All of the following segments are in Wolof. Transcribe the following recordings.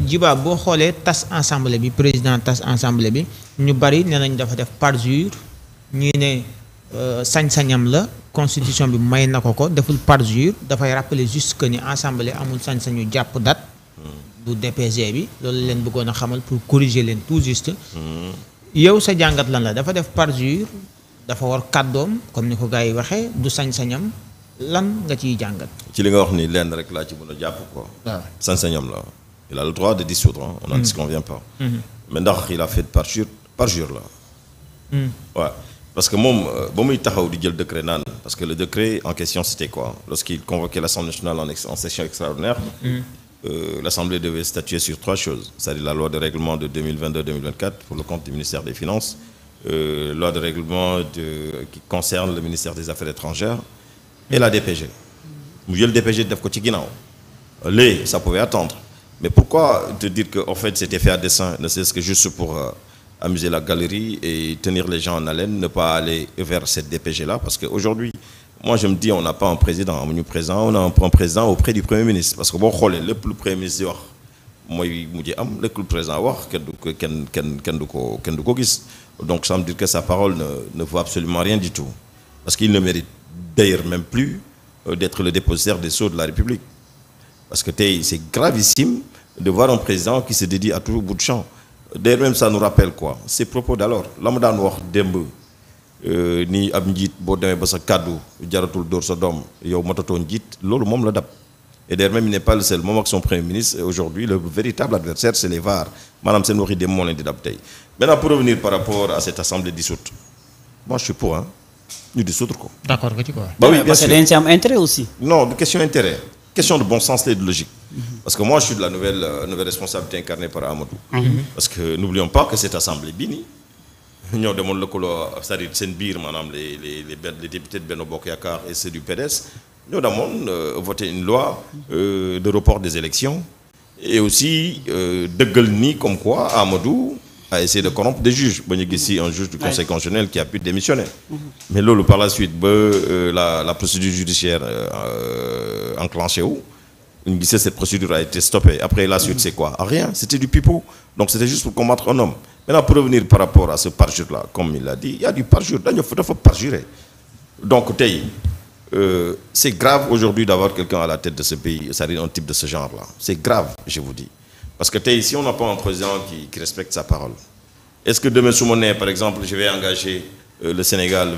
jiba boo xoolee tas assemblée bi président tas assemblée bi ñu bari nee nañu dafa def parjure ñu ne euh, sañ-sañam la constitution bi may na ko ko deful parjure dafay rappeler juste que ni assemblée amul sañ-sañu jàpp date bu DPG bi loolu leen bëggoon a xamal pour corriger leen tout juste yow sa jàngat lan la dafa def parjure dafa war kàddoom comme ni ko gars yi waxee du sañ-sañam lan nga ciy jàngat ci li nga wax ni lenn rek laa ci mun a jàpp ko ah. sañ-sañam la il a le droit de dissoudre hein. on n'en mm. disconvient pas mm-hmm. mais ndax il a fait parjure parjure la mm. waaw parce que moom euh, ba muy taxaw di jël décret naan parce que le décret en question c'était quoi lorsqu'il convoquait l'Assemblée nationale en session extraordinaire mm. euh, l'Assemblée devait statuer sur trois choses c'est-à-dire la loi de règlement de 2022-2024 pour le compte du ministère des Finances euh, loi de règlement qui concerne le ministère des Affaires étrangères et la DPG mu jël DPG ko ci ginnaaw léegi ça Mais pourquoi te dire qu'en fait c'était fait à dessein, ne serait-ce que juste pour euh, amuser la galerie et tenir les gens en haleine, ne pas aller vers cette DPG-là Parce qu'aujourd'hui, moi je me dis, on n'a pas un président, on a président, on a un président auprès du Premier ministre. Parce que bon, le plus Premier ministre, mooy mujj am lépp lu président wax kenn du ko kenn kenn du ko kenn du ko gis donc ça veut dire que sa parole ne ne vaut absolument rien du tout parce qu'il ne même plus euh, d'être le dépositaire la République Parce que es, c'est gravissime de voir un président qui se dédie à tout bout de champ. D'ailleurs, même ça nous rappelle quoi Ces propos d'alors. la mu daan wax démb euh, ni ab njiit boo demee ba sa kaddu jaratul door sa doom yow matatoo njiit loolu moom la dab. Et d'ailleurs, même il n'est pas le seul. Moom ak son premier ministre aujourd'hui le véritable adversaire c'est les VAR maanaam seen waxi démb moo leen di dab tey. Maintenant pour revenir par rapport à cette ko. d'accord nga que question de bon sens et Parce que moi, je suis de la nouvelle, euh, nouvelle responsabilité incarnée par Amadou. Parce que n'oublions pas que cette assemblée bini. ñoo demoon lëkkaloo c'est-à-dire seen biir maanaam les députés de Benno Bokk et ceux du PDS ñoo demoon euh, voté une loi euh, de report des élections et aussi euh, dëggal ni comme quoi Amadou a essayé de corrompre des juges ba si un juge du conseil qui a pu mm-hmm. mais loolu par la suite ba la procédure judiciaire Euh, enclenché wu ñu gisee cette procédure a été stoppée après la suite c'est quoi ah, rien c'était du pipeau donc c'était juste pour combattre un homme maintenant pour revenir par rapport à ce parjure là comme il l'a dit il y a du parjure dañu donc tey euh, c'est grave aujourd'hui d'avoir quelqu'un à la tête de ce pays cest grave je vous dis parce que tey si on n'a pas un président qui, respecte sa parole est-ce que demain su ma par exemple je vais engager euh, le Sénégal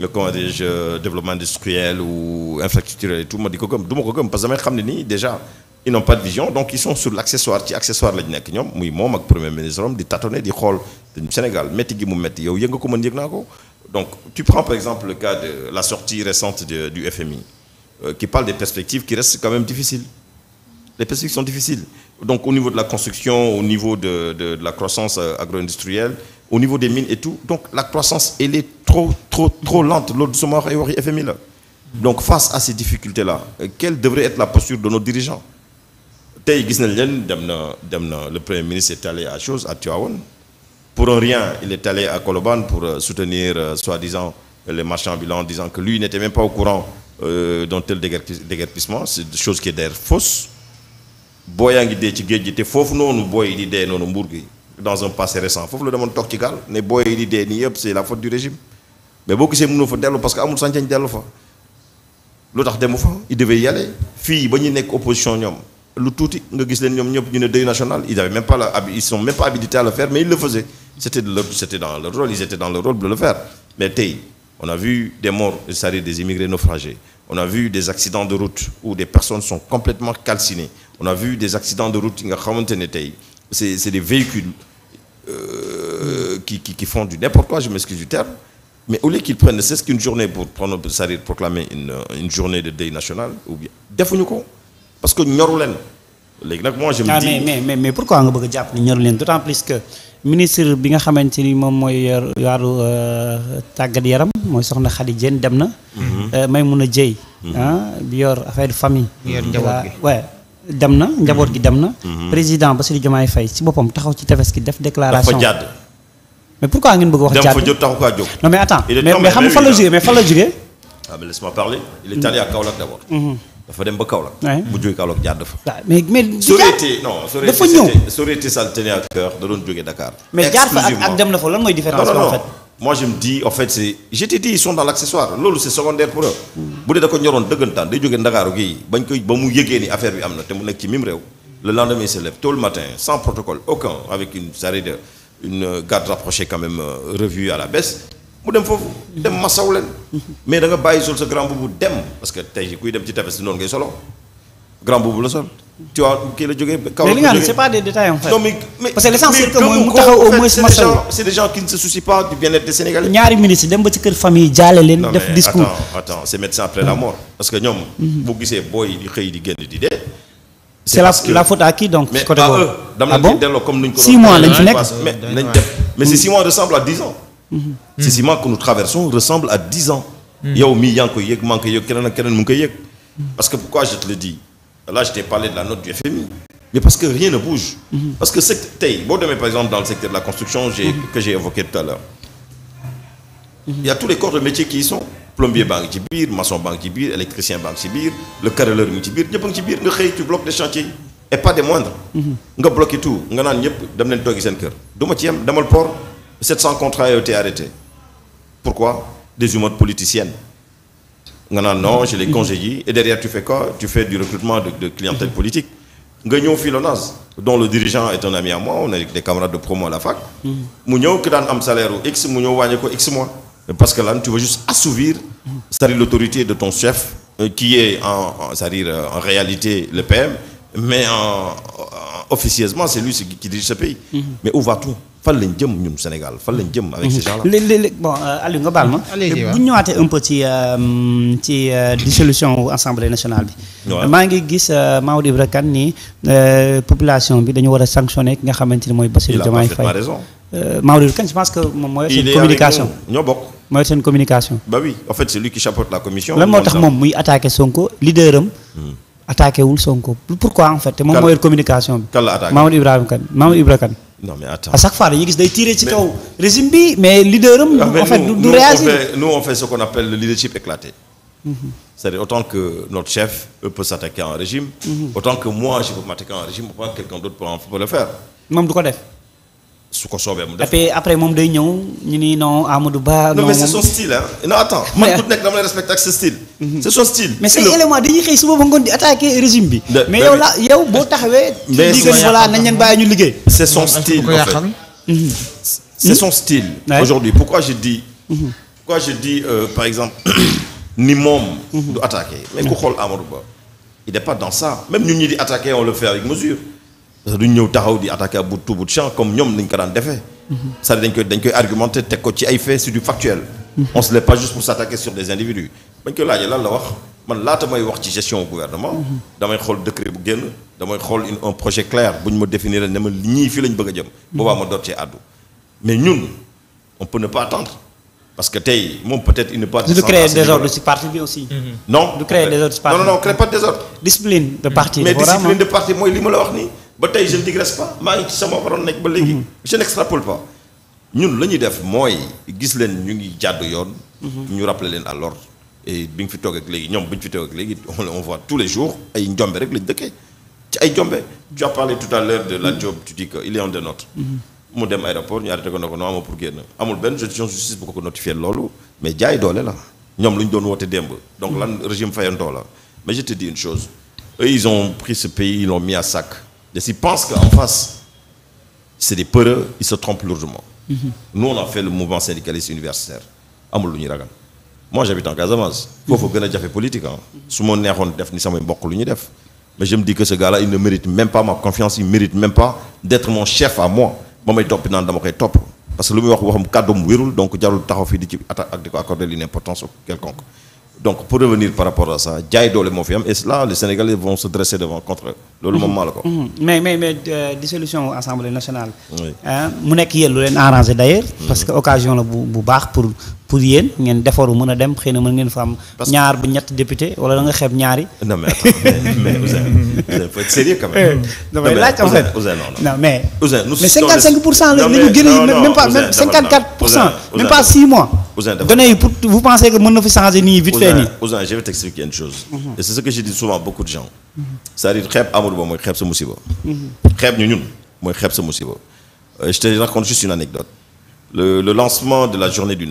le comment dirais euh, développement industriel ou infrastructurel et tout ma di ko gëm du ma ko gëm parce que xam ne déjà ils n'ont pas de vision donc ils sont sur l'accessoire ci accessoire lañu nekk ñoom muy moom ak premier ministre am di tâtonner di xool Sénégal métti gi mu métti yow yëg nga ko mën yëg naa ko donc tu prends par exemple le cas de la sortie récente de, du FMI euh, qui parle des perspectives qui restent quand même difficiles les perspectives donc au niveau de la niveau de, de, de la croissance euh, agro-industrielle, au niveau des mines et tout. Donc la croissance, elle est trop, trop, trop lente. L'autre FMI là. Donc face à ces difficultés-là, euh, quelle devrait être la posture de nos dirigeants Tay le Premier ministre est allé à chose à Tuaon. Pour un rien, il est allé à Koloban pour euh, soutenir, euh, soi-disant, les marchands ambulants, disant que lui n'était même pas au courant euh, d'un tel déguerpissement. C'est chose qui booy yaa ngi dee ci géej gi te foofu noonu booy yi di dee noonu mbuur gi dans un passé récent foofu la demoon toog ci gaal ne booy yi di dee nii yëpp c'est la faute du régime mais boo gisee mënoo fa dellu parce que amul sañ dellu fa lu tax demu fa il devait y aller fii ba ñu nekk opposition ñoom lu tuuti nga gis leen ñoom ñëpp ñu ne deuil national ils avaient même pas la ils sont même mais ils le faisaient c'était de leur c'était dans leur rôle ils étaient dans leur rôle On a vu des morts, c'est-à-dire des immigrés naufragés. On a vu des accidents de route où des personnes sont complètement calcinées. On a vu des accidents de route, c'est des véhicules euh, qui, font du n'importe quoi, je m'excuse du terme. Mais au lieu qu'ils prennent, c'est ce qu'une journée pour prendre, c'est-à-dire proclamer une, une, journée de deuil national, ou bien, défouillons Parce que nous léegi nag moi je me ah, dis mais mais mais pourquoi nga bëgg jàpp ni ñoru leen d'autant plus que ministre bi nga xamante ni moom mooy waaru euh, tàggat yaram mooy soxna Khady Diène dem na. Mhm. Euh, Maimouna Dièye. Mhm. Ah, bi yor affaire famille. yor njaboot gi dem na njaboot gi dem na. Mhm. président Bassirou Diomaye Faye si boppam taxaw ci tefes gi def déclaration dafa jàdd. mais pourquoi ngeen bëgg wax jàdd dem fa a taxu kaa jóg. non mais attends mais xam nga fan la jógee la jógee. Ah, mais laisse-moi parler dafa dem ba Kaolack. bu jógee Kaolack jàdd fa. waaw mais mais. Soretti non Soretti dafa ñëw Soretti ça da doon jógee Dakar. mais jaar fa ak dem na fa lan mooy différence. en fait moi je me dis en fait c'est je te dis l'accessoire loolu c'est secondaire pour eux. bu dee da ko ñoroon dëggantaan day jógee Ndakaaru gii bañ koy ba mu yëgee ni affaire bi am na te mu nekk ci mim réew. le lendemain il se lève le matin sans protocole aucun avec une série de une garde rapprochée mu dem foofu dem masaw leen mais da nga bàyyi sol sa grand boubou dem parce que tey jii kuy dem ci tefes noonu ngay solo grand boubou la sol tu vois kii la jógee. kaw la mort. donc. côté boobu mais ah à lañ fi nekk mais nañ def mais ces six dix ans. Mhm. ce ciment que nous traversons ressemble à dix ans mhm. yow mi yaa ngi koy yëg maa ngi koy yëg keneen mu ngi koy yëg parce que pourquoi je te le dis là je t'ai parlé de la note du FMI mais parce que rien ne bouge mhm. parce que c'est tey boo demee par exemple dans le secteur de la construction que j'ai évoqué tout à l'heure il y a tous les corps de métier qui y sont plombier baa ci biir maçon baa ngi ci biir électricien baa ngi ci biir le carreleur mi ngi ci biir ñëpp a ngi ci biir nga nga bloqué tout dem leen toogi seen kër du ma ci yem demal port 700 contrats ont été arrêtés pourquoi des humours politiciennes nga naan non je les congédie et derrière tu fais quoi tu fais du recrutement de, clientèle politique nga ñëw fii Lonase dont le dirigeant est un ami à moi on est des camarades de promo à la fac mu ñëw ki daan am salaire u x mu ñëw wàññi x mois parce que là tu veux juste assouvir l'autorité de ton chef euh, qui est en en euh, réalité le PM mais en, en officieusement c'est lui qui dirige ce pays mais où va t fan lañ jëm ñun Sénégal fan lañ jëm. avec mhm. ces gens là léeg-léeg bon euh, Aliou nga baal ma. Euh, bu ñu ñëwaatee un peu ci euh, ci dissolution wu assemblée nationale bi. maa ngi gis Maodo Ibra Kane ni population bi dañu war a sanctionner ki nga xamante ni mooy Bassirou Diomaye Faye. Maodo Ibra moom mooy seen communication ñoo bokk. mooy seen communication. ba oui en fait c'est lui qui chapeaute la commission. lan moo tax moom hmm. communication bi. kan la attaqué Maodo Ibrahima Kane non mais attends à chaque fois dañuy gis day tirer ci régime bi mais leader am. en fait du réagir nous on fait ce qu'on appelle le leadership éclaté. Mm-hmm. c'est-à-dire autant que notre chef peut s'attaquer à un régime. Mm-hmm. autant que moi je peux m'attaquer à un régime autant que quelqu'un d'autre peut le faire. du ko def. su ko soobee mu def après moom day ñëw ñu ni non Amadou Ba. non mais c'est son style ah. non attends man ku nekk dama lay respecté ak sa style. Mhm. c'est son style. mais say yow boo taxawee. mais su nañ leen bàyyi ñu liggéey. c'est son style en fait mhm. c'est son mhm. style. aujourd'hui pourquoi je dis. pourquoi je dis euh, par exemple ni moom. du attaqué mais ku xool Amadou Ba. il n'est pas dans ça même ñun ñi di attaqué on le fait avec mesure. parce que duñ ñëw taxaw di attaquer bu tout bout de comme ñoom nañ ko daan defee. c'est-à-dire dañ koy dañ koy argumenter teg ko ci ay faits c'est du factuel. on se lève pas juste pour s'attaquer sur des individus. bañ koy laajee lan la wax man laata may wax ci gestion au gouvernement. damay xool décret bu génn damay xool un projet clair bu ñu ma définir ne ma ñii fii lañ bëgg a jëm. boobaa ma doot cee àddu mais ñun on peut ne pas attendre. parce que tey moom peut-être il n'est pas. du créer désordre ci la wax nii. ba tey je ne digresse pas maa ngi ci sama waroon nekk ba léegi. Mhm. je n'extrapole pas. ñun la ñuy def mooy gis leen ñu ngi jàdd yoon. Mhm. ñu rappeler leen allor l'ordre bi nga fi toog ak léegi ñoom bi ñu fi toog ak léegi on tous les jours ay njombe rek lañ dëkkee ci ay njombe. tu as parlé tout à l'heure de la mhm. job tu dis que il est un des nôtres. mu dem aéroport ñu arrêté ko ne ko non pour génn amul benn gestion justice bu ko ko notifié loolu mais jaay doole la ñoom lu ñu doon woote donc lan régime fayantoo la mais je te dis pris ce pays ils l'ont Je si pense qu'en face, c'est des peureux, ils se trompent lourdement. Mm -hmm. Nous, on a fait le mouvement syndicaliste universitaire. Moi, j'habite en Casamance. Il faut que je fasse politique. Hein. Mais je me dis que ce gars-là, il ne mérite même pas ma confiance, il ne mérite même pas d'être mon chef à moi. Moi, je top dans top. Parce que le meilleur, c'est un cadeau, donc je ne accorder une importance quelconque. donc pour revenir par rapport a ça jaay doole moo fi am et là les Sénégalais vont se dresser devant contre loolu moom maa la ko. Mm-hmm. mais mais mais euh, dissolution assemblée nationale. Ah, mu nekk yéen lu leen arrangé d' mm-hmm. parce que occasion la bu bu baax pour pour yéen ngeen defaru mën a dem xëy na mën ngeen fa am. ñaar bu ñett député wala da nga xeeb ñaari. non mais attends mais mais Ousseyn faut être sérieux quand même. damay mais. mais 55 pour cent la ñu génne pour cent même pas 6 mois. Ousin dafa données yi pour vous pensez que mën na fi changer nit ñi vite fait nii. Ousin je vais t'expliquer une chose. Mhm. et c'est ce que je dis souvent beaucoup de gens. Mhm. c'est-à-dire xeeb Amadou Ba mooy xeeb sa musiba. Mhm. xeeb ñu ñun mooy xeeb sa musiba. Euh, je te raconte juste une anecdote le le lancement de la journée du